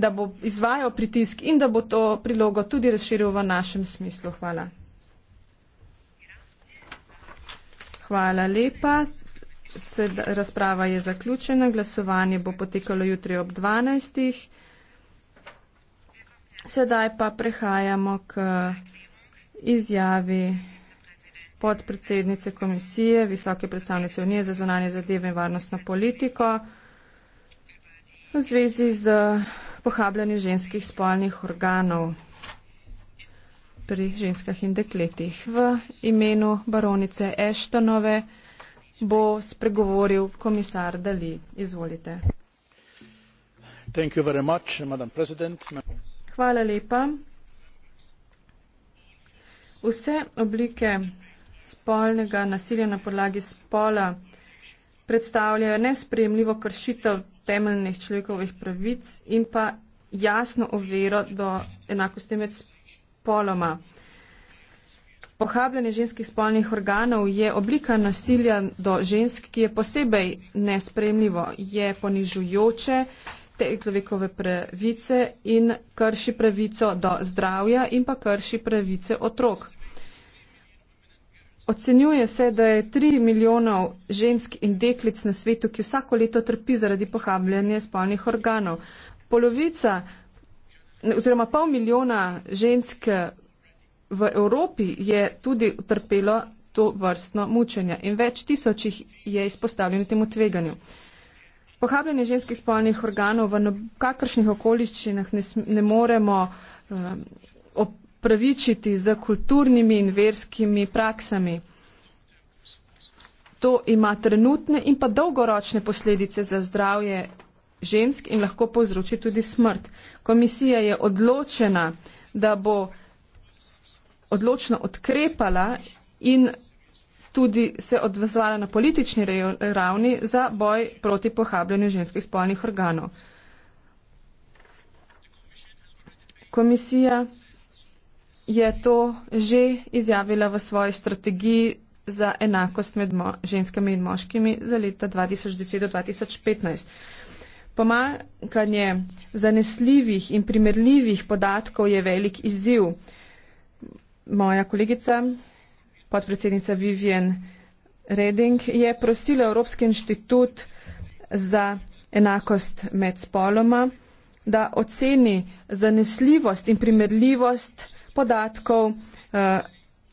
da bo izvajal pritisk in da bo to prilogo tudi razširil v našem smislu. Hvala. Hvala lepa. Sed, razprava je zaključena. Glasovanje bo potekalo jutri ob 12. Sedaj pa prehajamo k izjavi podpredsednice komisije, visoke predstavnice Unije za zunanje zadeve in varnostno politiko v zvezi z pohabljanju ženskih spolnih organov pri ženskah in dekletih. V imenu baronice Eštonove bo spregovoril komisar Dali. Izvolite. Much, Hvala lepa. Vse oblike spolnega nasilja na podlagi spola predstavljajo nespremljivo kršitev temeljnih človekovih pravic in pa jasno overo do enakosti med spoloma. Pohabljanje ženskih spolnih organov je oblika nasilja do žensk, ki je posebej nespremljivo, je ponižujoče te človekove pravice in krši pravico do zdravja in pa krši pravice otrok. Ocenjuje se, da je 3 milijonov žensk in deklic na svetu, ki vsako leto trpi zaradi pohabljanja spolnih organov. Polovica oziroma pol milijona žensk eh, v Evropi je tudi utrpelo to vrstno mučenje in več tisočih je izpostavljeno temu tveganju. Pohabljanje ženskih spolnih organov v no-, kakršnih okoliščinah ne, ne moremo. Um, upravičiti z kulturnimi in verskimi praksami. To ima trenutne in pa dolgoročne posledice za zdravje žensk in lahko povzroči tudi smrt. Komisija je odločena, da bo odločno odkrepala in tudi se odvezvala na politični ravni za boj proti pohabljanju ženskih spolnih organov. Komisija je to že izjavila v svoji strategiji za enakost med mo ženskami in moškimi za leta 2010 do 2015. Pomankanje zanesljivih in primerljivih podatkov je velik izziv. Moja kolegica, podpredsednica Vivian Reding, je prosila Evropski inštitut za enakost med spoloma, da oceni zanesljivost in primerljivost podatkov eh,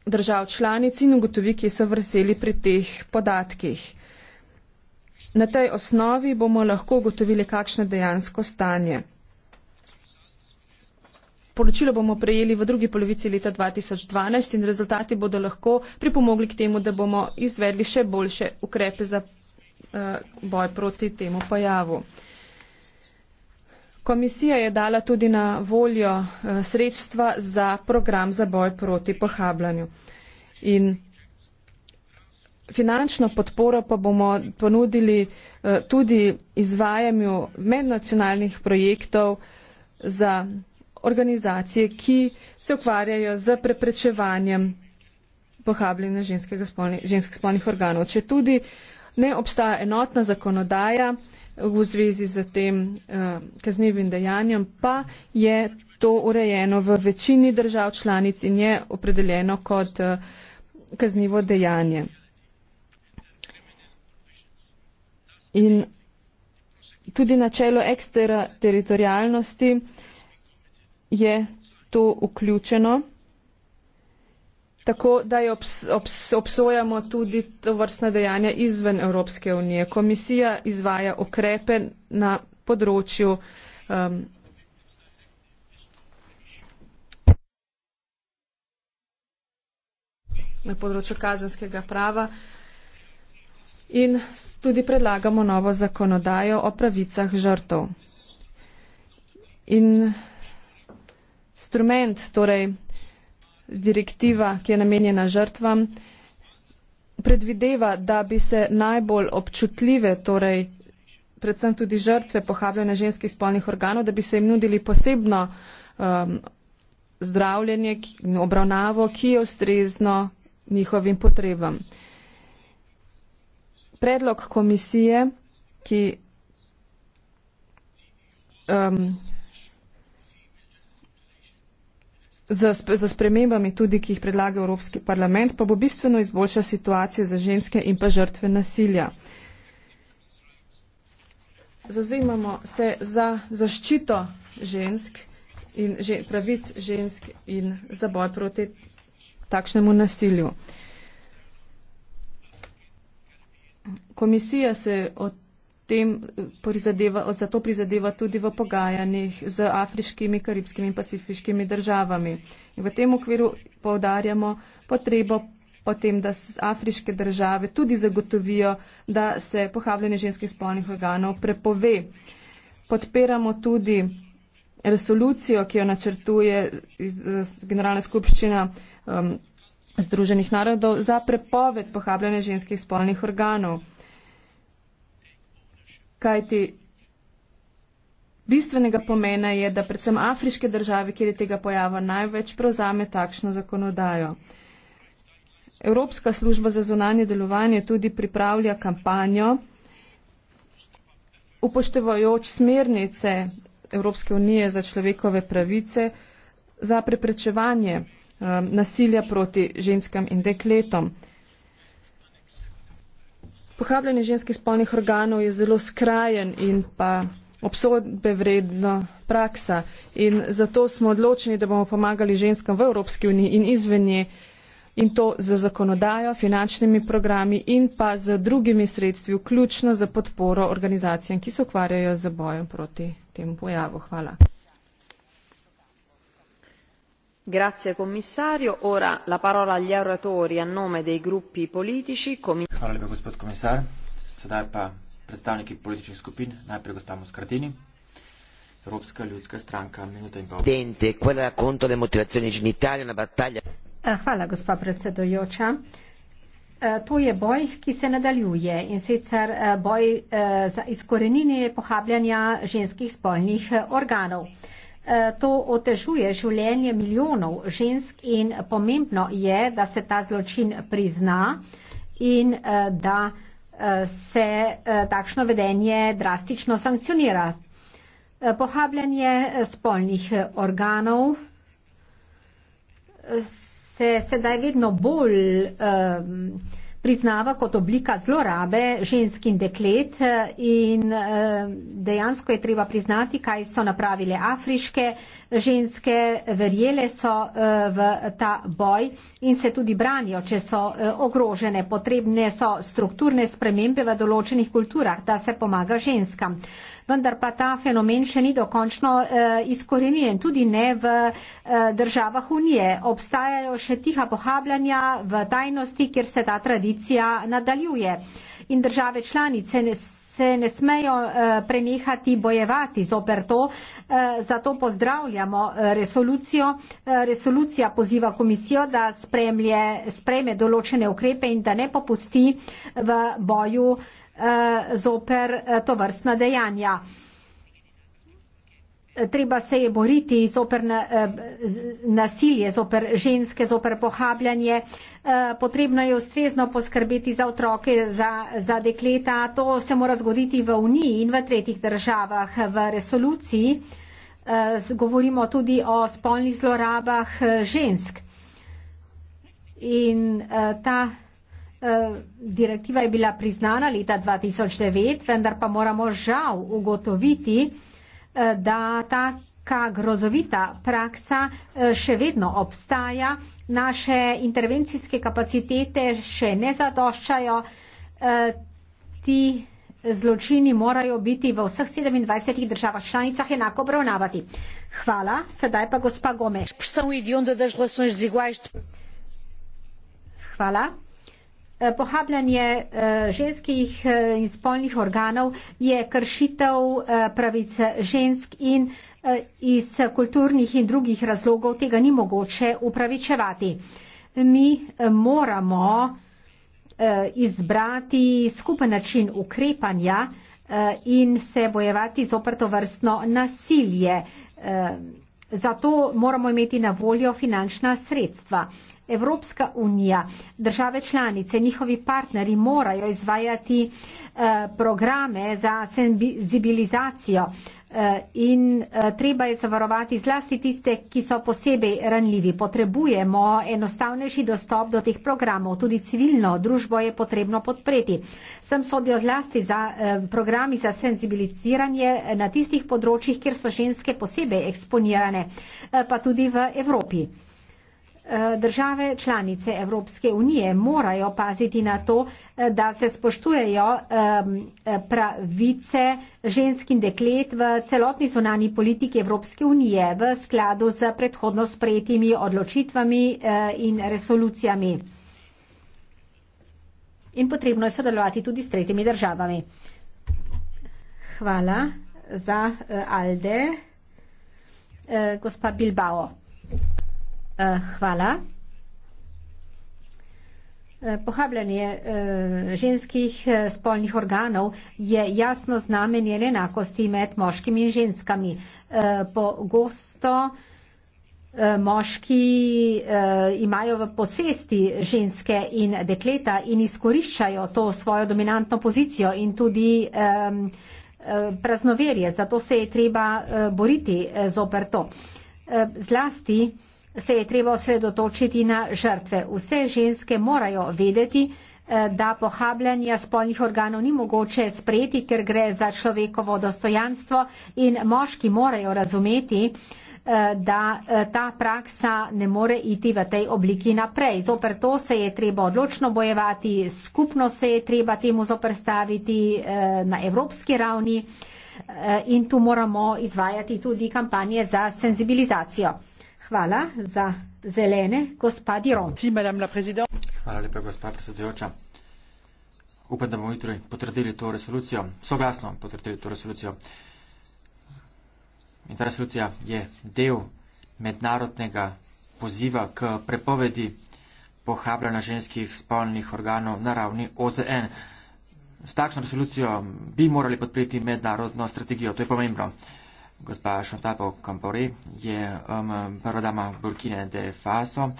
držav članic in ugotovi, ki so vrzeli pri teh podatkih. Na tej osnovi bomo lahko ugotovili, kakšno dejansko stanje. Poročilo bomo prejeli v drugi polovici leta 2012 in rezultati bodo lahko pripomogli k temu, da bomo izvedli še boljše ukrepe za uh, boj proti temu pojavu. Uh, Komisija je dala tudi na voljo eh, sredstva za program za boj proti pohabljanju. In finančno podporo pa bomo ponudili eh, tudi izvajanju mednacionalnih projektov za organizacije, ki se ukvarjajo z preprečevanjem pohabljanja ženskih spolnih organov. Če tudi ne obstaja enotna zakonodaja, v zvezi z tem uh, eh, kaznevim dejanjem, pa je to urejeno v večini držav članic in je opredeljeno kot uh, kaznivo dejanje. In tudi načelo eksteritorialnosti je to vključeno tako da jo obs, obs, obsojamo tudi to vrstne dejanja izven Evropske unije. Komisija izvaja okrepe na področju. Um, na področju kazenskega prava in tudi predlagamo novo zakonodajo o pravicah žrtov. In instrument, torej direktiva, ki je namenjena žrtvam, predvideva, da bi se najbolj občutljive, torej predvsem tudi žrtve pohabljene ženskih spolnih organov, da bi se jim nudili posebno um, zdravljenje in obravnavo, ki je ustrezno njihovim potrebam. Predlog komisije, ki um, za, za spremembami tudi, ki jih predlaga Evropski parlament, pa bo bistveno izboljša situacijo za ženske in pa žrtve nasilja. Zauzemamo se za zaščito žensk in žen, pravic žensk in za boj proti takšnemu nasilju. Komisija se od tem eh, prizadeva, za to prizadeva tudi v pogajanjih z afriškimi, karibskimi in pacifiškimi državami. In v tem okviru povdarjamo potrebo potem, da afriške države tudi zagotovijo, da se pohavljanje ženskih spolnih organov prepove. Podpiramo tudi resolucijo, ki jo načrtuje Generalna skupščina um, Združenih narodov za prepoved pohabljanja ženskih spolnih organov kajti bistvenega pomena je, da predvsem afriške države, kjer je tega pojava največ, prevzame takšno zakonodajo. Evropska služba za zunanje delovanje tudi pripravlja kampanjo, upoštevajoč smernice Evropske unije za človekove pravice za preprečevanje um, nasilja proti ženskam in dekletom. Pohabljanje ženskih spolnih organov je zelo skrajen in pa obsodbe vredna praksa. In zato smo odločeni, da bomo pomagali ženskam v Evropski uniji in izven nje in to za zakonodajo, finančnimi programi in pa za drugimi sredstvi, vključno za podporo organizacijam, ki se ukvarjajo z bojem proti temu pojavu. Hvala grazie commissario ora la parola agli oratori a nome dei gruppi politici hvala lepa gospod komisar sedaj pa predstavniki političnih skupin najprej gospod muskardini Evropska ljudska stranka, minuta in pol. Dente, quella contro le motivazioni in Italia, una battaglia. Eh, hvala, gospa predsedojoča. Eh, to je boj, ki se nadaljuje in sicer eh, boj za izkoreninje pohabljanja ženskih spolnih organov. Eh, to otežuje življenje milijonov žensk in pomembno je, da se ta zločin prizna in eh, da eh, se takšno vedenje drastično sankcionira. Pohabljanje spolnih organov se sedaj vedno bolj um, priznava kot oblika zlorabe žensk eh, in deklet eh, in dejansko je treba priznati, kaj so napravile afriške ženske, verjele so eh, v ta boj in se tudi branijo, če so ogrožene. Potrebne so strukturne spremembe v določenih kulturah, da se pomaga ženskam vendar pa ta fenomen še ni dokončno uh, izkorenjen, tudi ne v uh, državah Unije. Obstajajo še tiha pohabljanja v tajnosti, kjer se ta tradicija nadaljuje. In države članice ne se ne smejo eh, prenehati bojevati zoper to, zato pozdravljamo resolucijo. Resolucija poziva komisijo, da spremlje, spreme določene ukrepe in da ne popusti v boju Eh, zoper eh, to vrstna dejanja. Treba se je boriti zoper eh, nasilje, zoper ženske, zoper pohabljanje. Potrebno je ustrezno poskrbeti za otroke, za, za dekleta. To se mora zgoditi v Uniji in v tretjih državah. V resoluciji govorimo tudi o spolnih zlorabah žensk. In ta Eh, direktiva je bila priznana leta 2009, vendar pa moramo žal ugotoviti, eh, da taka grozovita praksa eh, še vedno obstaja, naše intervencijske kapacitete še ne zadoščajo, ti zločini morajo biti v vseh 27 državah članicah enako obravnavati. Hvala, sedaj pa gospa Gomeš. Hvala. Eh, pohabljanje eh, ženskih eh, in spolnih organov je kršitev pravic žensk in iz kulturnih in drugih razlogov tega ni mogoče upravičevati. Mi moramo izbrati skupen način ukrepanja in se bojevati z oprto vrstno nasilje. Zato moramo imeti na voljo finančna sredstva. Evropska unija, države članice, njihovi partneri morajo izvajati eh, programe za senzibilizacijo eh, in eh, treba je zavarovati zlasti tiste, ki so posebej ranljivi. Potrebujemo enostavnejši dostop do teh programov, tudi civilno družbo je potrebno podpreti. Sem sodijo zlasti za programi za senzibiliziranje na tistih področjih, kjer so ženske posebej eksponirane, pa tudi v Evropi. Države članice Evropske unije morajo paziti na to, da se spoštujejo pravice žensk in deklet v celotni zonani politiki Evropske unije v skladu z predhodno sprejetimi odločitvami e, in resolucijami. In potrebno je sodelovati tudi s tretjimi državami. Hvala za e, Alde, e, gospa Bilbao. Eh, hvala. Eh, pohabljanje eh, ženskih spolnih organov je jasno znamenje neenakosti med moškimi in ženskami. Pogosto moški imajo v posesti ženske in dekleta in izkoriščajo to svojo dominantno pozicijo in tudi praznoverje. Zato se je treba boriti zoper to. Zlasti se je treba osredotočiti na žrtve. Vse ženske morajo vedeti, eh, da pohabljanja spolnih organov ni mogoče sprejeti, ker gre za človekovo dostojanstvo in moški morajo razumeti, eh, da eh, ta praksa ne more iti v tej obliki naprej. Zoper to se je treba odločno bojevati, skupno se je treba temu zoprstaviti na evropski ravni in tu moramo izvajati tudi kampanje za senzibilizacijo. Hvala za zelene, gospodi Ron. Hvala lepa, gospod predsedujoča. Upam, da bomo jutri potrdili to resolucijo, soglasno potrdili to resolucijo. In ta resolucija je del mednarodnega poziva k prepovedi pohabljanja ženskih spolnih organov na ravni OZN. S takšno resolucijo bi morali podpreti mednarodno strategijo, to je pomembno gospa Chantal Campore je um, prva dama Burkine de Faso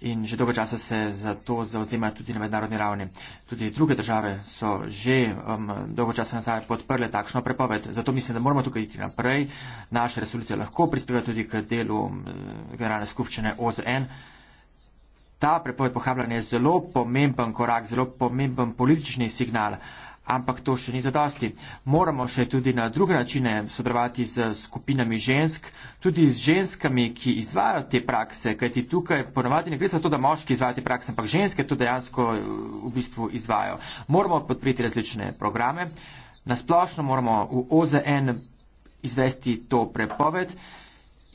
in že dolgo časa se za to zauzema tudi na mednarodni ravni. Tudi druge države so že um, dolgo časa nazaj podprle takšno prepoved. Zato mislim, da moramo tukaj iti naprej. Naša resolucija lahko prispeva tudi k delu um, generalne skupščine OZN. Ta prepoved pohabljanja je zelo pomemben korak, zelo pomemben politični signal. Uh, Ampak to še ni zadosti. Moramo še tudi na druge načine sodelovati z skupinami žensk, tudi z ženskami, ki izvajo te prakse, kajti tukaj ponovadi ne gre za to, da moški izvajo te prakse, ampak ženske to dejansko v bistvu izvajo. Moramo podpreti različne programe. Nasplošno moramo v OZN izvesti to prepoved.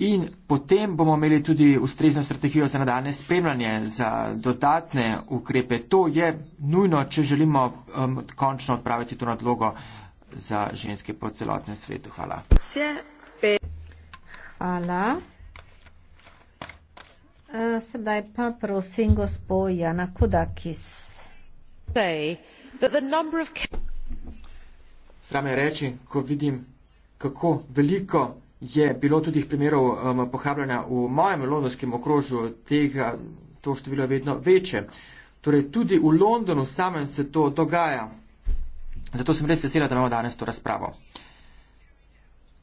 In potem bomo imeli tudi ustrezno strategijo za nadaljne spremljanje, za dodatne ukrepe. To je nujno, če želimo um, končno odpraviti to nadlogo za ženske po celotnem svetu. Hvala. Hvala. Uh, sedaj pa prosim gospo Jana Kudakis. Sram je reči, ko vidim, kako veliko je bilo tudi primerov um, pohabljanja v mojem londonskem okrožju, tega, to število je vedno večje. Torej, tudi v Londonu samem se to dogaja. Zato sem res vesela, da imamo danes to razpravo.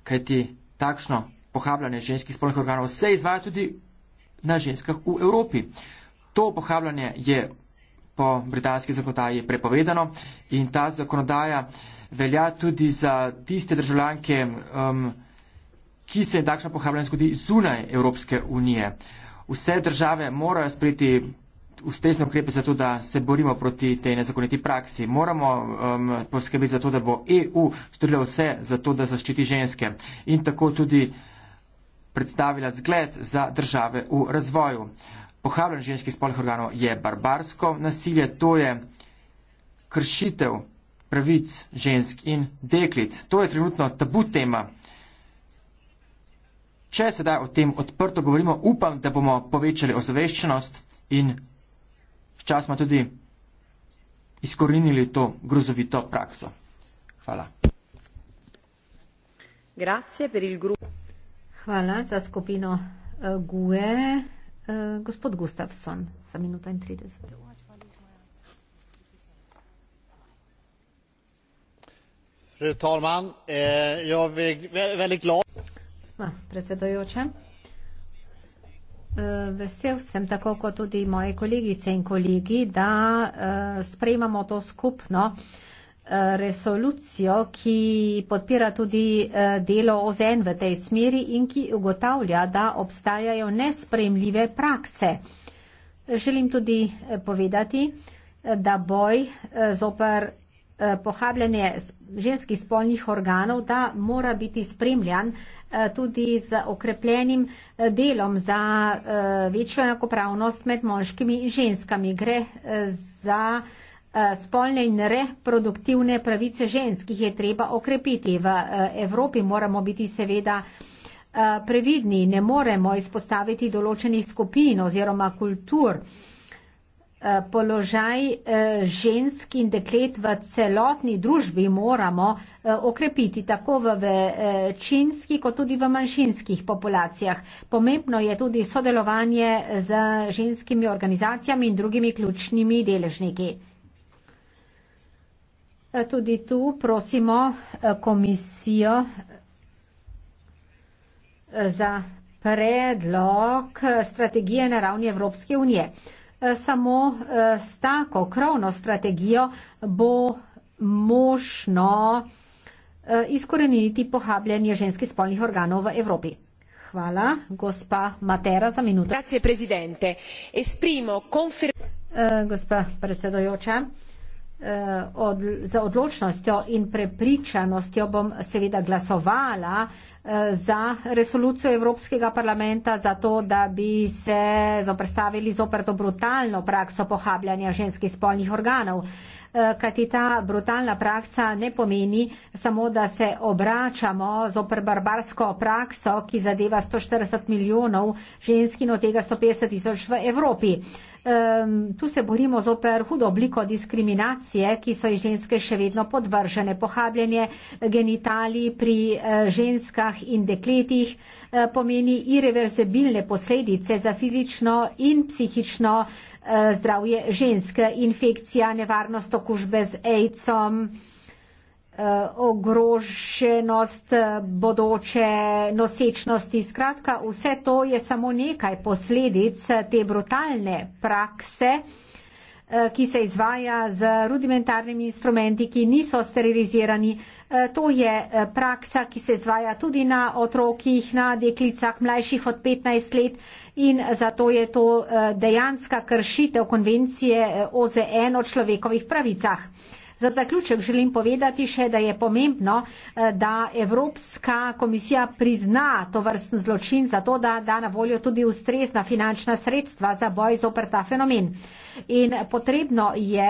Kajti takšno pohabljanje ženskih spolnih organov se izvaja tudi na ženskah v Evropi. To pohabljanje je po britanski zakonodaji prepovedano in ta zakonodaja velja tudi za tiste državljanke. Um, ki se takšna pohabljanja zgodi zunaj Evropske unije. Vse države morajo sprejeti ustrezne ukrepe za to, da se borimo proti tej nezakoniti praksi. Moramo um, poskrbeti za to, da bo EU storila vse za to, da zaščiti ženske in tako tudi predstavila zgled za države v razvoju. Pohabljanje ženskih spolnih organov je barbarsko nasilje, to je kršitev pravic žensk in deklic. To je trenutno tabu tema Če sedaj o tem odprto govorimo, upam, da bomo povečali ozaveščenost in sčasoma tudi izkorinili to grozovito prakso. Hvala. Hvala za skupino eh, GUE. Eh, gospod Gustafsson, za minuto in 30. Fru talman, eh, jag är väldigt glad gospa predsedojoča. Eh, vesel sem, tako kot tudi moje kolegice in kolegi, da eh, sprejmamo to skupno eh, resolucijo, ki podpira tudi delo OZN v tej smeri in ki ugotavlja, da obstajajo nespremljive prakse. Želim tudi povedati, da boj zoper pohabljanje ženskih spolnih organov, da mora biti spremljan Eh, tudi z okrepljenim eh, delom za eh, večjo enakopravnost med moškimi in ženskami. Gre za spolne in reproduktivne pravice ženskih je treba okrepiti. V Evropi moramo biti seveda previdni, ne moremo izpostaviti določenih skupin oziroma kultur. Eh, položaj eh, žensk in deklet v celotni družbi moramo eh, okrepiti tako v večinski kot tudi v manjšinskih populacijah. Pomembno je tudi sodelovanje z ženskimi organizacijami in drugimi ključnimi deležniki. Tudi tu prosimo komisijo za predlog strategije na ravni Evropske unije. Eh, samo eh, s tako krovno strategijo bo možno eh, izkoreniti pohabljanje ženskih spolnih organov v Evropi. Hvala, gospa Matera, za minuto. Grazie, presidente. Esprimo confer... Gospa predsedojoča. Eh, od, z odločnostjo in prepričanostjo bom seveda glasovala eh, za resolucijo Evropskega parlamenta, za to, da bi se zoprstavili zoper to brutalno prakso pohabljanja ženskih spolnih organov. Eh, kajti ta brutalna praksa ne pomeni samo, da se obračamo zoper barbarsko prakso, ki zadeva 140 milijonov ženskin, od tega 150 tisoč v Evropi um, tu se borimo zoper hudo obliko diskriminacije, ki so jih ženske še vedno podvržene. Pohabljanje genitalij pri uh, ženskah in dekletih uh, pomeni irreverzibilne posledice za fizično in psihično uh, zdravje ženske. Infekcija, nevarnost okužbe z AIDS-om. Eh, ogroženost eh, bodoče nosečnosti. Skratka, vse to je samo nekaj posledic eh, te brutalne prakse, ki se izvaja z rudimentarnimi instrumenti, ki niso sterilizirani. To je praksa, ki se izvaja tudi na otrokih, na deklicah mlajših od 15 let in zato je to dejanska kršitev konvencije OZN o človekovih pravicah. Za zaključek želim povedati še, da je pomembno, eh, da Evropska komisija prizna to vrsten zločin, zato da da na voljo tudi ustrezna finančna sredstva za boj zoper ta fenomen. In potrebno je,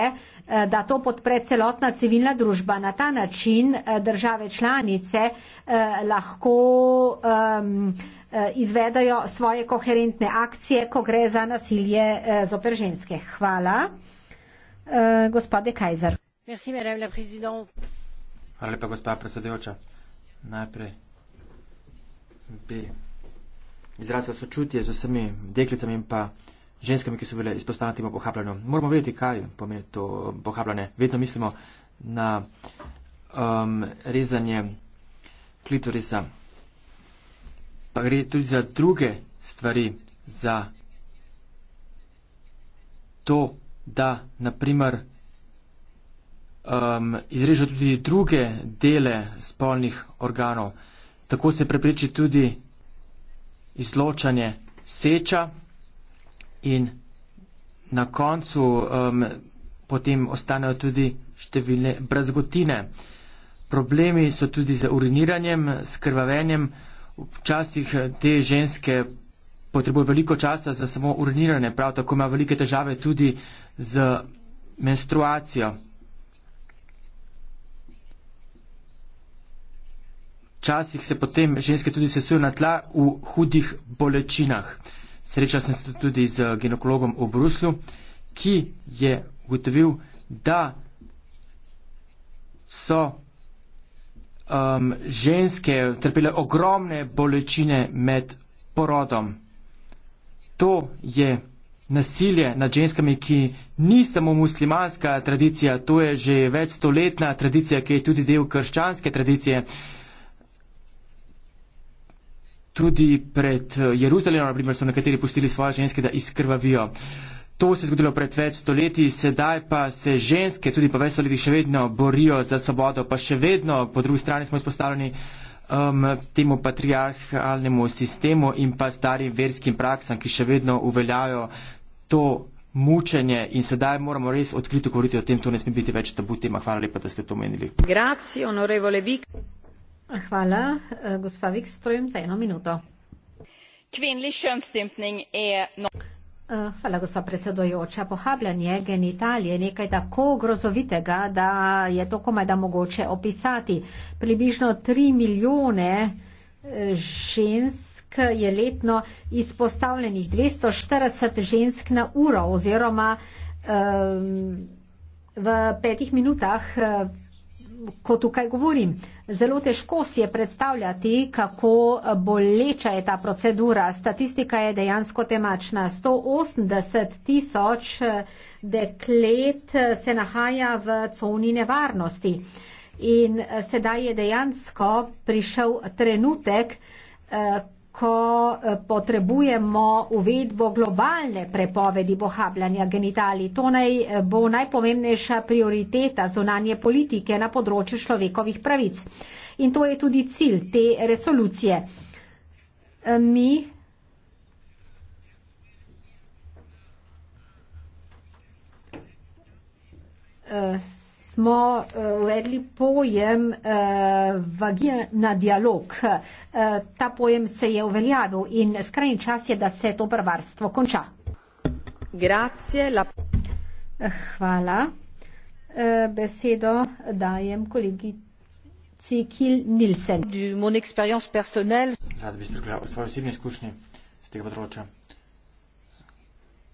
eh, da to podpre celotna civilna družba. Na ta način eh, države članice lahko um, ehm, izvedajo svoje koherentne akcije, ko gre za nasilje zoper ženske. Hvala. Gospode Kajzer. Hvala lepa, gospa predsedujoča. Najprej bi izrazil sočutje z vsemi deklicami in pa ženskami, ki so bile izpostavljene temu pohabljanju. Moramo vedeti, kaj pomeni to pohabljanje. Vedno mislimo na um, rezanje klitorisa. Pa gre tudi za druge stvari, za to, da naprimer um, izreže tudi druge dele spolnih organov. Tako se prepriči tudi izločanje seča in na koncu um, potem ostanejo tudi številne brazgotine. Problemi so tudi z uriniranjem, s krvavenjem. Včasih te ženske potrebujejo veliko časa za samo uriniranje, prav tako imajo velike težave tudi z menstruacijo. Včasih se potem ženske tudi sesujejo na tla v hudih bolečinah. Srečal sem se tudi z ginekologom v Bruslu, ki je ugotovil, da so um, ženske trpele ogromne bolečine med porodom. To je nasilje nad ženskami, ki ni samo muslimanska tradicija, to je že večstoletna tradicija, ki je tudi del krščanske tradicije tudi pred eh, Jeruzalemom, naprimer, so nekateri pustili svoje ženske, da izkrvavijo. To se je zgodilo pred več stoletji, sedaj pa se ženske, tudi pa več stoletji, še vedno borijo za svobodo, pa še vedno po drugi strani smo izpostavljeni um, temu patriarhalnemu sistemu in pa starim verskim praksam, ki še vedno uveljajo to mučenje in sedaj moramo res odkrito govoriti o tem, to ne sme biti več tabu tema. Hvala lepa, da ste to omenili. Grazie, onorevole Vik. Hvala. Eh, gospa Wikström, za eno minuto. Kvinnlig könsstympning je no... Eh, hvala, gospa predsedojoča. Pohabljanje genital je nekaj tako grozovitega, da je to komaj da mogoče opisati. Približno 3 milijone eh, žensk je letno izpostavljenih, 240 žensk na uro oziroma um, v petih minutah ko tukaj govorim. Zelo težko si je predstavljati, kako boleča je ta procedura. Statistika je dejansko temačna. 180 tisoč deklet se nahaja v coni nevarnosti. In eh, sedaj je dejansko prišel trenutek, eh, ko eh, potrebujemo uvedbo globalne prepovedi pohabljanja genitalij. To naj eh, bo najpomembnejša prioriteta zunanje politike na področju človekovih pravic. In to je tudi cilj te resolucije. Eh, mi uh, smo eh, uvedli pojem eh, vagina dialog. Eh, ta pojem se je uveljavil in skrajni čas je, da se to prvarstvo konča. Grazie, la... Hvala. Besedo dajem kolegi Cikil Nilsen. Rad bi spregledal svoje osebne izkušnje z tega področja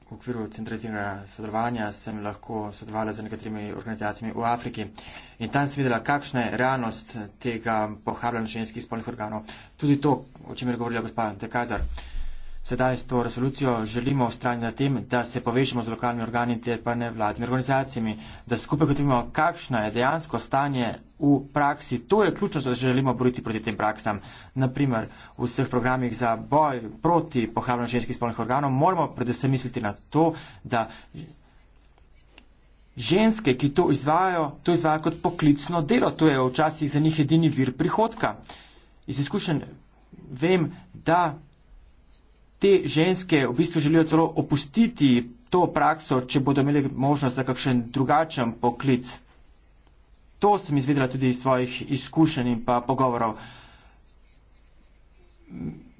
v okviru centraliziranega sodelovanja sem lahko sodelovala z nekaterimi organizacijami v Afriki in tam sem videla, kakšna je realnost tega pohabljanja ženskih spolnih organov. Tudi to, o čem je govorila gospa Dekazar. Uh, Sedaj s to resolucijo želimo ustraniti na tem, da se povežemo z lokalnimi organi ter pa nevladnimi organizacijami, da skupaj gotovimo, kakšno je dejansko stanje v praksi. To je ključno, da želimo boriti proti tem praksam. Naprimer, v vseh programih za boj proti pohrabljanju ženskih spolnih organov moramo predvsem misliti na to, da ženske, ki to izvajo, to izvajo kot poklicno delo. To je včasih za njih edini vir prihodka. Iz izkušenj vem, da te ženske v bistvu želijo celo opustiti to prakso, če bodo imeli možnost za kakšen drugačen poklic. To sem izvedela tudi iz svojih izkušenj in pa pogovorov.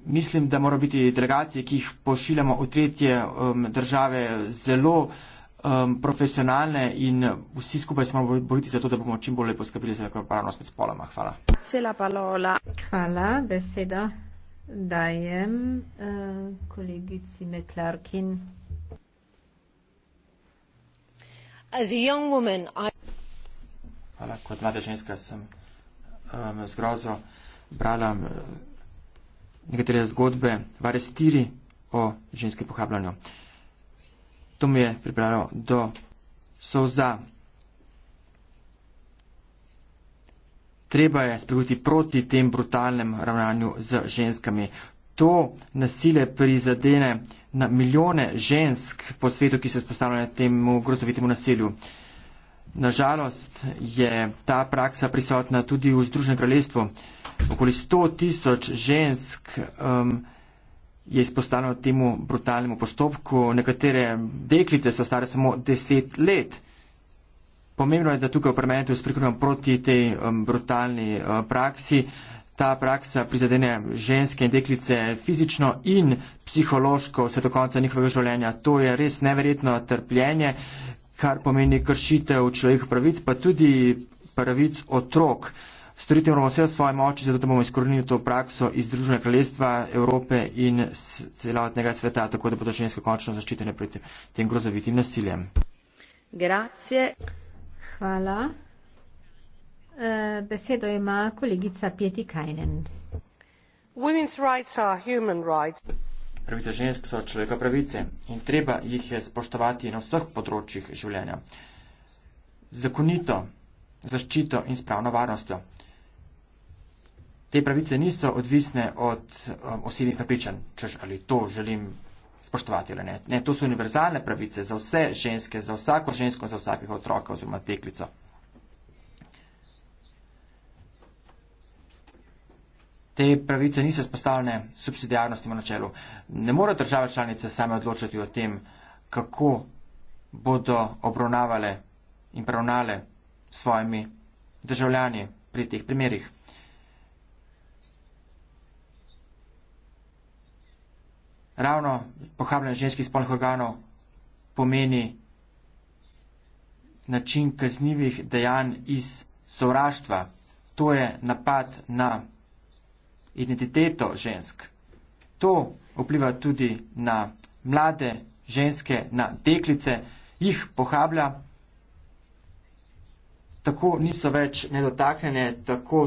Mislim, da morajo biti delegacije, ki jih pošiljamo v tretje um, države, zelo um, profesionalne in vsi skupaj se moramo boriti za to, da bomo čim bolje poskrbeli za enakopravnost med spoloma. Hvala. Hvala, beseda dajem uh, kolegici Meklarkin. As a young woman, I... Hvala, kot mlada ženska sem um, eh, zgrozo brala um, nekatere zgodbe v arestiri o ženskem pohabljanju. To mi je pripravljalo do soza treba je spregovoriti proti tem brutalnem ravnanju z ženskami. To nasilje prizadene na milijone žensk po svetu, ki se spostavljajo temu grozovitemu nasilju. Nažalost je ta praksa prisotna tudi v Združenem kraljestvu. Okoli 100 tisoč žensk um, je izpostavljeno temu brutalnemu postopku. Nekatere deklice so stare samo 10 let. Pomembno je, da tukaj v parlamentu sprikujemo proti tej um, brutalni uh, praksi. Ta praksa prizadene ženske in deklice fizično in psihološko vse do konca njihovega življenja. To je res neverjetno trpljenje, kar pomeni kršitev človekovih pravic, pa tudi pravic otrok. Storiti moramo vse v svoje moči, zato da bomo izkorenili to prakso iz Združenega kraljestva Evrope in celotnega sveta, tako da bodo ženske končno zaščitene pred tem grozovitim nasiljem. Grazie. Hvala. Eh, besedo ima kolegica Pieti Kajnen. Pravice žensk so človekove pravice in treba jih je spoštovati na vseh področjih življenja. Zakonito, zaščito in spravno varnostjo. Te pravice niso odvisne od um, osebnih prepričanj, češ ali to želim spoštovati ali ne. ne. To so univerzalne pravice za vse ženske, za vsako žensko, za vsakega otroka oziroma deklico. Te pravice niso spostavljene subsidijarnostnemu načelu. Ne more države članice same odločiti o tem, kako bodo obravnavale in pravnale svojimi državljani pri teh primerih. ravno pohabljanje ženskih spolnih organov pomeni način kaznjivih dejanj iz sovraštva. To je napad na identiteto žensk. To vpliva tudi na mlade ženske, na deklice, jih pohablja. Tako niso več nedotaknjene, tako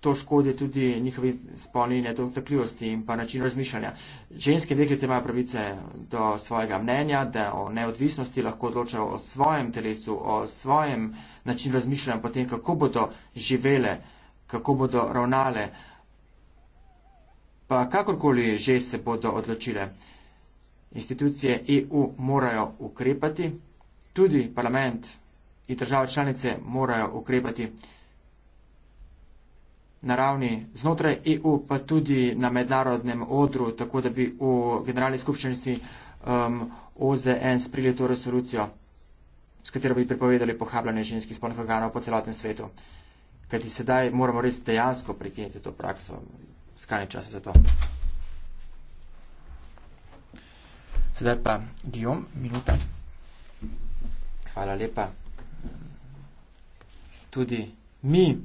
to škodi tudi njihovi spolni nedotakljivosti in pa način razmišljanja. Ženske deklice imajo pravice do svojega mnenja, da o neodvisnosti lahko odločajo o svojem telesu, o svojem način razmišljanja, potem kako bodo živele, kako bodo ravnale, pa kakorkoli že se bodo odločile. Institucije EU morajo ukrepati, tudi parlament in države članice morajo ukrepati na ravni znotraj EU, pa tudi na mednarodnem odru, tako da bi v generalni skupščini um, OZN sprili to resolucijo, s katero bi prepovedali pohabljanje ženskih spolnih organov po celotnem svetu. Kajti sedaj moramo res dejansko prekiniti to prakso. Skrajni čas je za to. Sedaj pa Gijom, minuta. Hvala lepa. Tudi mi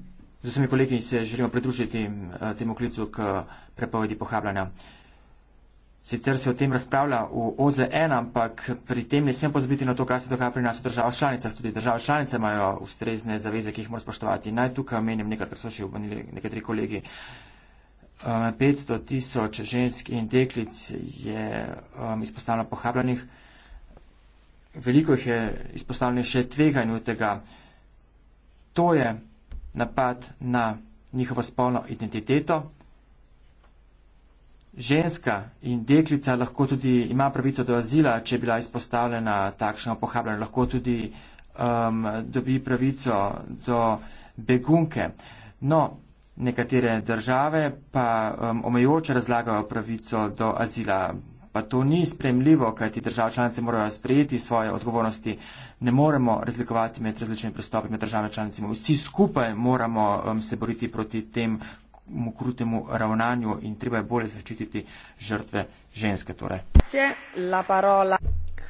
Z vsemi kolegi se želimo pridružiti eh, temu klicu k prepovedi pohabljanja. Sicer se o tem razpravlja v OZN, ampak pri tem ne smem pozabiti na to, kaj se dogaja pri nas v državah članicah. Tudi države članice imajo ustrezne zaveze, ki jih moramo spoštovati. Naj tukaj omenim nekaj, kar so še obanili nekateri kolegi. 500 eh, tisoč žensk in deklic je eh, izpostavljeno pohabljenih. Veliko jih je izpostavljeno še tveganju tega. To je napad na njihovo spolno identiteto. Ženska in deklica lahko tudi ima pravico do azila, če je bila izpostavljena takšnemu pohabljanju, lahko tudi um, dobi pravico do begunke. No, nekatere države pa um, omejoče razlagajo pravico do azila pa to ni spremljivo, kajti države članice morajo sprejeti svoje odgovornosti. Ne moremo razlikovati med različnimi pristopi med državami članicami. Vsi skupaj moramo um, se boriti proti tem krutemu ravnanju in treba je bolje zaščititi žrtve ženske. Torej.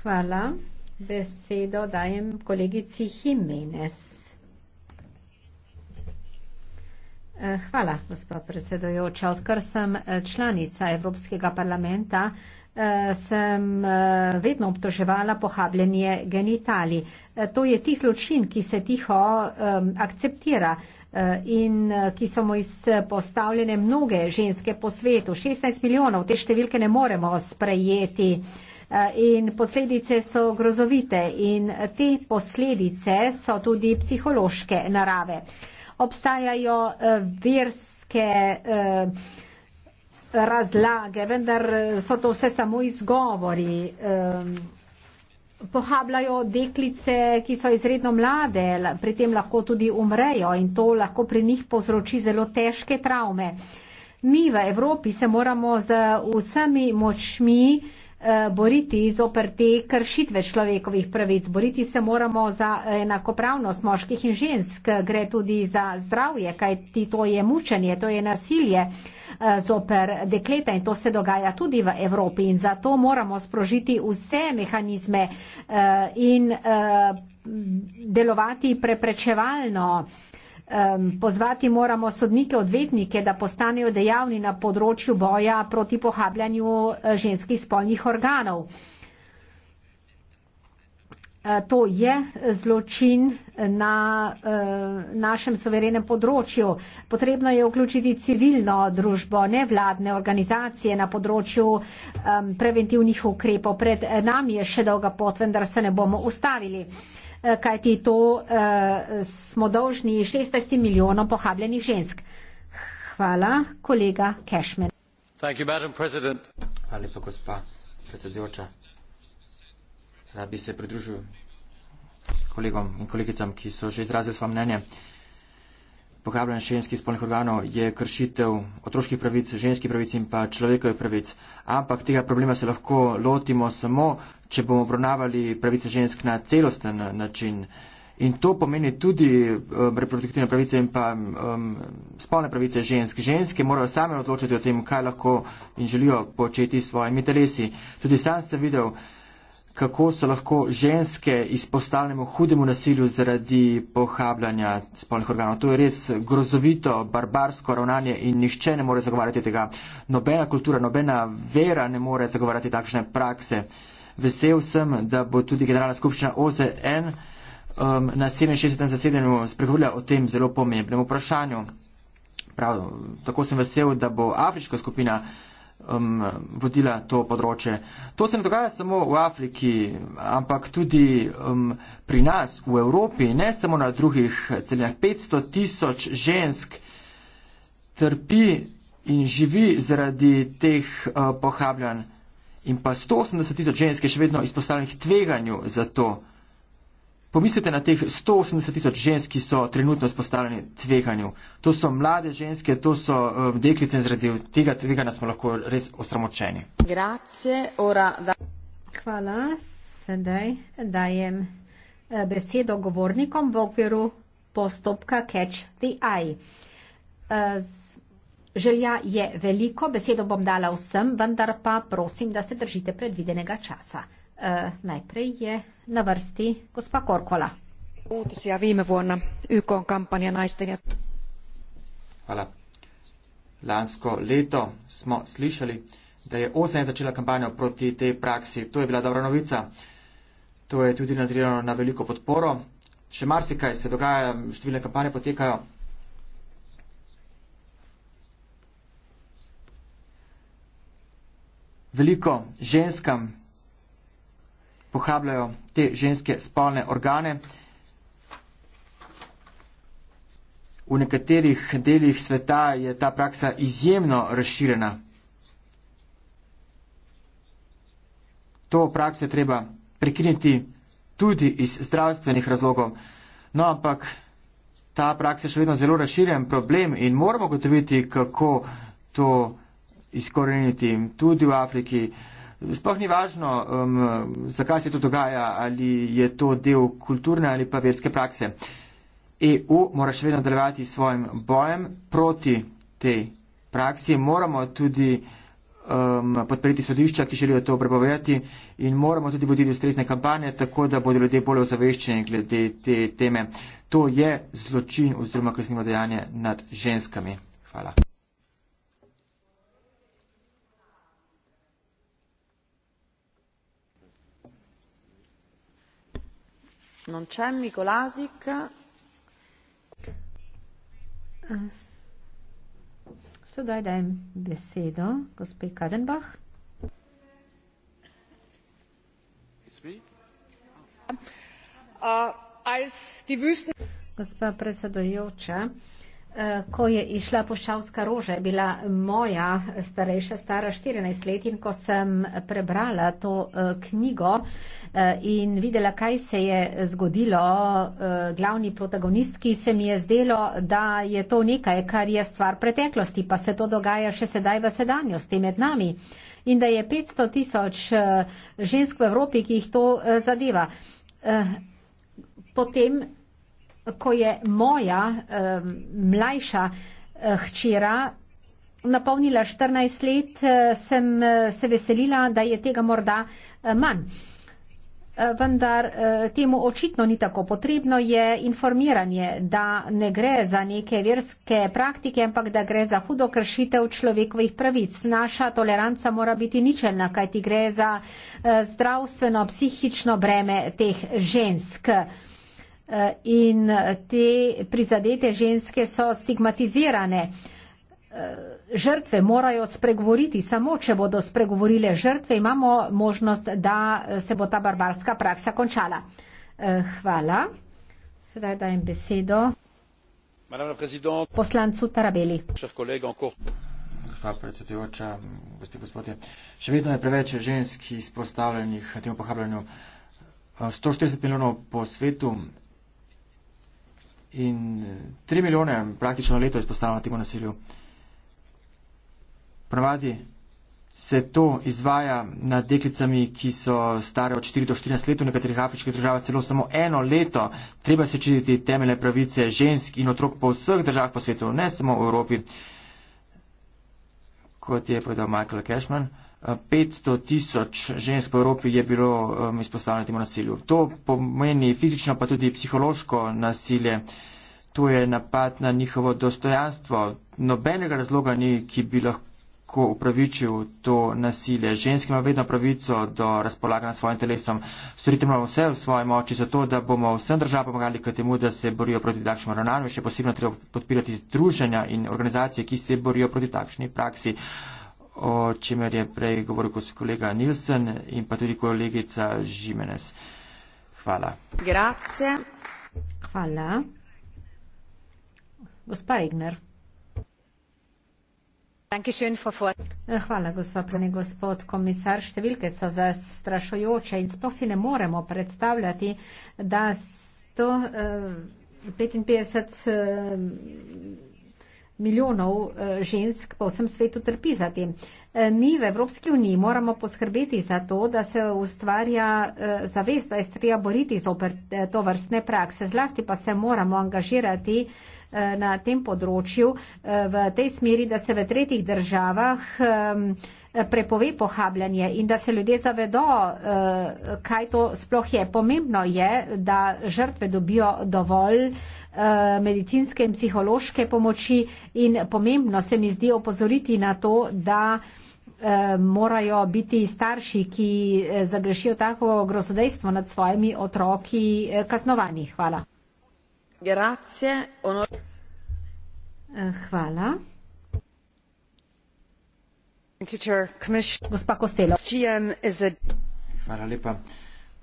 Hvala. Besedo dajem kolegici Jimenez. Eh, hvala, gospod predsedojoča. Odkar sem eh, članica Evropskega parlamenta, Eh, sem eh, vedno obtoževala pohabljanje genitali. Eh, to je tih zločin, ki se tiho ehm, akceptira in ki so mu izpostavljene mnoge ženske po svetu. 16 milijonov te številke ne moremo sprejeti in posledice so grozovite in te posledice so tudi psihološke narave. Obstajajo verske razlage, vendar so to vse samo izgovori. Pohabljajo deklice, ki so izredno mlade, pri tem lahko tudi umrejo in to lahko pri njih povzroči zelo težke travme. Mi v Evropi se moramo z vsemi močmi uh, Eh, boriti zoper te kršitve človekovih pravic. Boriti se moramo za enakopravnost moških in žensk, gre tudi za zdravje, kajti to je mučenje, to je nasilje eh, zoper dekleta in to se dogaja tudi v Evropi in zato moramo sprožiti vse mehanizme eh, in delovati preprečevalno. Pozvati moramo sodnike, odvetnike, da postanejo dejavni na področju boja proti pohabljanju e, ženskih spolnih organov. E, to je zločin na e, našem soverenem področju. Potrebno je vključiti civilno družbo, nevladne organizacije na področju preventivnih ukrepov. Pred nami je še dolga pot, vendar se ne bomo ustavili. Eh, kajti to uh, smo dolžni 16 milijonom pohabljenih žensk. Hvala, kolega Cashman. Hvala lepa, gospa predsedujoča. Rad bi se pridružil kolegom in kolegicam, ki so že izrazili svoje mnenje. Uh, pohabljanje ženskih spolnih organov je kršitev otroških pravic, ženskih pravic in pa človekovih pravic. Ampak tega problema se lahko lotimo samo, če bomo obravnavali pravice žensk na celosten eh, način. In to pomeni tudi um, reproduktivne pravice in pa um, spolne pravice žensk. Ženske morajo same odločiti o tem, kaj lahko in želijo početi s svojimi telesi. Tudi sam sem videl, kako se lahko ženske izpostavljamo hudemu nasilju zaradi pohabljanja spolnih organov. To je res grozovito, barbarsko ravnanje in nišče ne more zagovarjati tega. Nobena kultura, nobena vera ne more zagovarjati takšne prakse. Vesel sem, da bo tudi generalna skupščina OZN um, na 67. zasedanju spregovorila o tem zelo pomembnem vprašanju. Prav, tako sem vesel, da bo afriška skupina um, vodila to področje. To se ne dogaja samo v Afriki, ampak tudi um, pri nas v Evropi, ne samo na drugih celinah. 500 tisoč žensk trpi in živi zaradi teh uh, pohabljanj in pa 180 tisoč žensk je še vedno izpostavljenih tveganju za to. Pomislite na teh 180 tisoč žensk, ki so trenutno spostavljene tveganju. To so mlade ženske, to so um, deklice in zaradi tega tvegana smo lahko res osramočeni. Grazie, ora, da... Hvala, sedaj dajem eh, besedo govornikom v okviru postopka Catch the Eye. Eh, želja je veliko, besedo bom dala vsem, vendar pa prosim, da se držite predvidenega časa. Eh, najprej je na vrsti gospa Korkola. Uutisia viime vuonna YK on kampanja naisten ja... Hvala. Lansko leto smo slišali, da je OSN začela kampanjo proti tej praksi. To je bila dobra novica. To je tudi nadrejeno na veliko podporo. Še marsikaj se dogaja, številne kampanje potekajo. Veliko ženskam pohabljajo te ženske spolne organe. V nekaterih delih sveta je ta praksa izjemno razširjena. To prakso je treba prekiniti tudi iz zdravstvenih razlogov. No, ampak ta praksa je še vedno zelo razširjen problem in moramo gotoviti, kako to izkoreniti tudi v Afriki. Uh, Sploh ni važno, um, zakaj se to dogaja, ali je to del kulturne ali pa verske prakse. EU mora še vedno nadaljevati s svojim bojem proti tej praksi. Moramo tudi um, podpreti sodišča, ki želijo to prepovedati in moramo tudi voditi ustrezne kampanje, tako da bodo ljudje bolj ozaveščeni glede te teme. To je zločin oziroma kaznivo dejanje nad ženskami. Hvala. Sedaj dajem besedo gospe Kadenbach. Uh, Gospa predsedujoča, Eh, ko je išla Puščavska roža, je bila moja starejša stara 14 let in ko sem prebrala to eh, knjigo eh, in videla, kaj se je zgodilo glavni protagonistki, se mi je zdelo, da je to nekaj, kar je stvar preteklosti, pa se to dogaja še sedaj v sedanjosti med nami in da je 500 tisoč žensk v Evropi, ki jih to zadeva. Potem ko je moja um, mlajša uh, hčera napolnila 14 let, uh, sem uh, se veselila, da je tega morda uh, manj. Vendar temu očitno ni tako. Potrebno je informiranje, da ne gre za neke verske praktike, ampak da gre za hudo kršitev človekovih pravic. Naša toleranca mora biti ničelna, kajti gre za zdravstveno-psihično breme teh žensk. Uh, Eh, in te prizadete ženske so stigmatizirane. Eh, žrtve morajo spregovoriti, samo če bodo spregovorile žrtve, imamo možnost, da se bo ta barbarska praksa končala. Eh, hvala. Sedaj dajem besedo poslancu Tarabeli. Hvala predsedujoča, gospod gospodje. Še vedno je preveč žensk izpostavljenih temu pohabljanju. 140 milijonov po svetu in 3 eh, milijone praktično leto izpostavljamo temu nasilju. Ponavadi se to izvaja nad deklicami, ki so stare od 4 do 14 let, v nekaterih afriških državah celo samo eno leto. Treba se čititi temeljne pravice žensk in otrok po vseh državah po svetu, ne samo v Evropi, kot je povedal Michael Cashman. 500 tisoč žensk v Evropi je bilo um, izpostavljeno temu nasilju. To pomeni fizično, pa tudi psihološko nasilje. To je napad na njihovo dostojanstvo. Nobenega razloga ni, ki bi lahko upravičil to nasilje. Ženski ima vedno pravico do razpolaganja svojim telesom. Storite moramo vse v svoji moči za to, da bomo vsem državam pomagali k temu, da se borijo proti takšnim ravnanju. Še posebno treba podpirati združenja in organizacije, ki se borijo proti takšni praksi o čemer je prej govoril kolega Nilsen in pa tudi kolegica Žimenez. Hvala. Grazie. Hvala. Gospa Egner. Eh, hvala, gospa Prene, gospod komisar. Številke so zastrašujoče in sploh si ne moremo predstavljati, da 155 milijonov eh, žensk po vsem svetu trpi za tem. Eh, mi v Evropski uniji moramo poskrbeti za to, da se ustvarja eh, zavest, da je treba boriti z opr to vrstne prakse. Zlasti pa se moramo angažirati na tem področju v tej smeri, da se v tretjih državah prepove pohabljanje in da se ljudje zavedo, kaj to sploh je. Pomembno je, da žrtve dobijo dovolj Eh, medicinske in psihološke pomoči in pomembno se mi zdi opozoriti na to, da eh, morajo biti starši, ki eh, zagrešijo tako grozodejstvo nad svojimi otroki kaznovani. Hvala. Grazie, ono... Hvala. Gospa Kostelo. Hvala lepa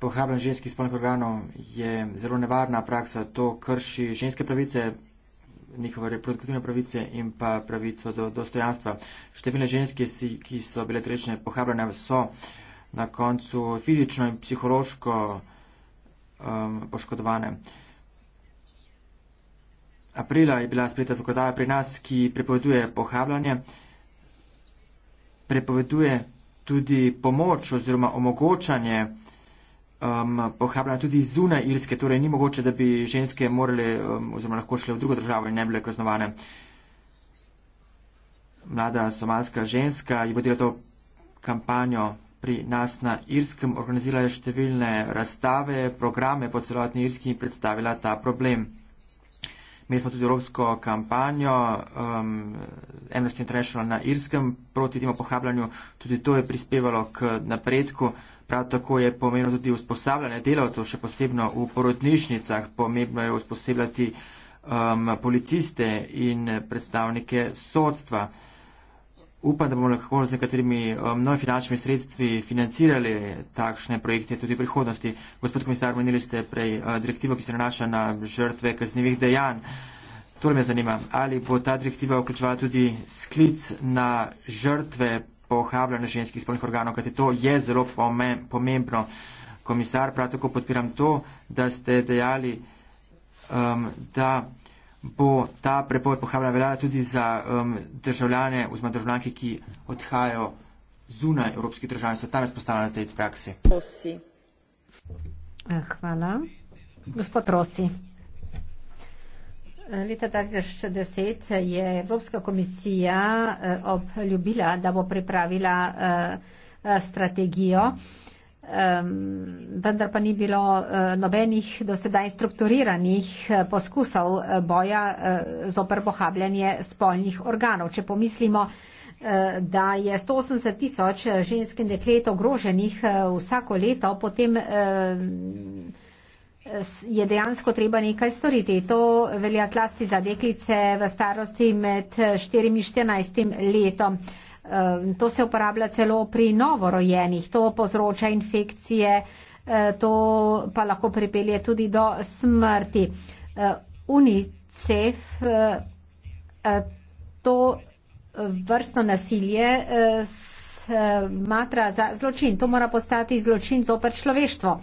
pohabljanje ženskih spolnih organov je zelo nevarna praksa. To krši ženske pravice, njihove reproduktivne pravice in pa pravico do dostojanstva. Številne ženske, ki so bile trečne pohabljene, so na koncu fizično in psihološko um, poškodovane. Aprila je bila sprejeta zakonodaja pri nas, ki prepoveduje pohabljanje, prepoveduje tudi pomoč oziroma omogočanje uh, um, pohabljena tudi zunaj Irske, torej ni mogoče, da bi ženske morali um, oziroma lahko šle v drugo državo in ne bile kaznovane. Mlada somalska ženska je vodila to kampanjo pri nas na Irskem, organizirala je številne razstave, programe po celotni Irski in predstavila ta problem. Mi smo tudi evropsko kampanjo um, Amnesty International na Irskem proti temu pohabljanju, tudi to je prispevalo k napredku. Prav tako je pomembno tudi usposabljanje delavcev, še posebno v porodnišnicah. Pomembno je usposabljati um, policiste in predstavnike sodstva. Upam, da bomo lahko z nekaterimi um, novimi finančnimi sredstvi financirali takšne projekte tudi v prihodnosti. Gospod komisar, menili ste prej uh, direktivo, ki se nanaša na žrtve kaznjivih dejanj. To me zanima, ali bo ta direktiva vključevala tudi sklic na žrtve pohabljanje ženskih spolnih organov, kajte to je zelo pomembno. Komisar, prav tako podpiram to, da ste dejali, um, da bo ta prepoved pohabljanja veljala tudi za um, državljane oziroma državljanke, ki odhajajo zunaj evropskih držav in so tam izpostavljene na tej praksi. Prosi. Eh, hvala. Gospod Rosi. Leta 2060 je Evropska komisija eh, obljubila, da bo pripravila eh, eh, strategijo, vendar pa ni bilo nobenih do sedaj strukturiranih poskusov boja zoper pohabljanje spolnih organov. Če pomislimo, da je 180 tisoč ženskih deklet ogroženih vsako leto, potem je dejansko treba nekaj storiti. To velja zlasti za deklice v starosti med 4 in 14 letom. Ehm, to se uporablja celo pri novorojenih. To povzroča infekcije, e, to pa lahko pripelje tudi do smrti. E, UNICEF e, to vrstno nasilje matra za zločin. To mora postati zločin zoper človeštvo.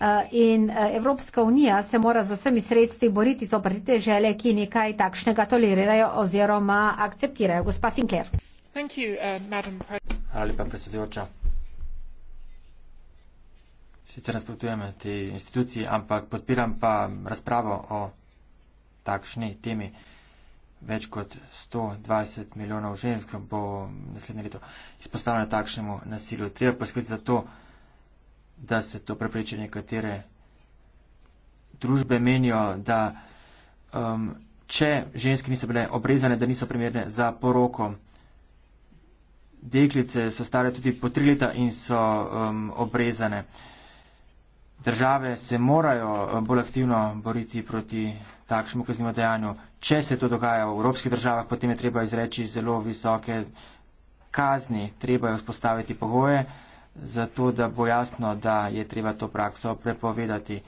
Eh, in eh, Evropska unija se mora z vsemi sredstvi boriti z oprite žele, ki nekaj takšnega tolerirajo oziroma akceptirajo. Gospa Sinclair. Uh, Hvala lepa, predsedujoča. Sicer nasprotujem te instituciji, ampak podpiram pa razpravo o takšni temi. Več kot 120 milijonov žensk bo naslednje leto izpostavljeno takšnemu nasilju. Treba poskrbeti za to, da se to prepreče nekatere družbe menijo, da um, če ženske niso bile obrezane, da niso primerne za poroko. Deklice so stare tudi po tri leta in so um, obrezane. Države se morajo um, bolj aktivno boriti proti takšnemu kaznimo dejanju. Če se to dogaja v evropskih državah, potem je treba izreči zelo visoke kazni, treba je vzpostaviti pogoje zato da bo jasno, da je treba to prakso prepovedati.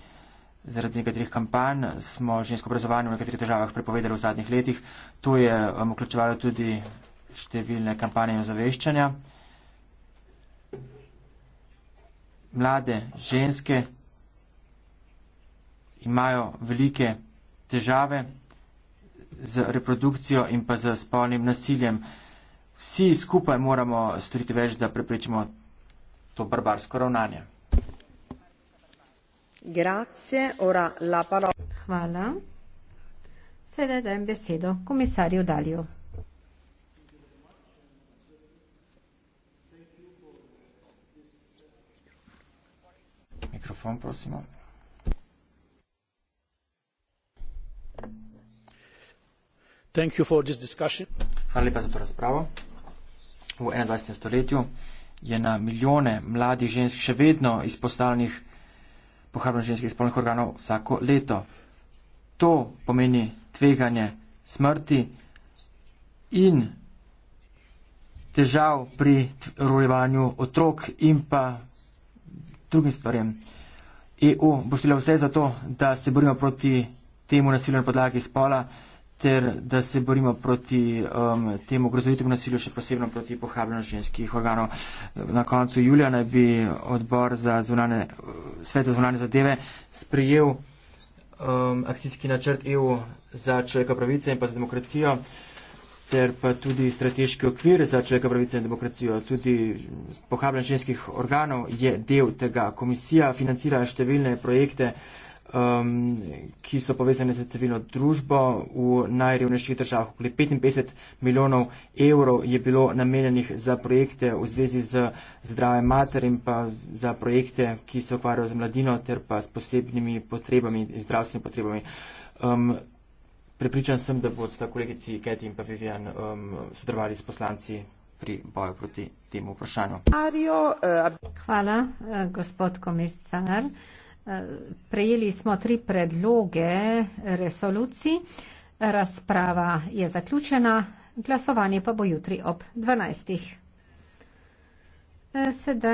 Zaradi nekaterih kampanj smo žensko obrazovanje v nekaterih državah prepovedali v zadnjih letih. To je um, vključevalo tudi številne kampanje in ozaveščanja. Mlade ženske imajo velike težave z reprodukcijo in pa z spolnim nasiljem. Vsi skupaj moramo storiti več, da preprečimo to barbarsko ravnanje. Grazie, ora la parola. Hvala. Sedaj dajem besedo komisarju Dalju. Mikrofon, prosimo. Hvala lepa za to razpravo. V 21. stoletju je na milijone mladih žensk še vedno izpostavljenih pohabljanju ženskih spolnih organov vsako leto. To pomeni tveganje smrti in težav pri rojevanju otrok in pa drugim stvarem. EU bo stila vse za to, da se borimo proti temu nasilju na podlagi spola ter da se borimo proti um, temu grozovitemu nasilju, še posebno proti pohabljanju ženskih organov. Na koncu julija naj bi odbor za zvonane, svet za zvonane zadeve sprejel um, akcijski načrt EU za človeka pravice in pa za demokracijo ter pa tudi strateški okvir za človeka pravice in demokracijo. Tudi pohabljanje ženskih organov je del tega. Komisija financira številne projekte, uh, um, ki so povezane z civilno družbo v najrevnejših državah. Okoli 55 milijonov evrov je bilo namenjenih za projekte v zvezi z zdravjem mater in pa za projekte, ki se ukvarjajo z mladino ter pa s posebnimi potrebami in zdravstvenimi potrebami. Um, Pripričan sem, da bodo sta kolegici Keti in pa Vivian um, sodelovali s poslanci pri boju proti temu vprašanju. Eh, Hvala, eh, gospod komisar. Prejeli smo tri predloge resolucij. Razprava je zaključena, glasovanje pa bo jutri ob 12. E, sedaj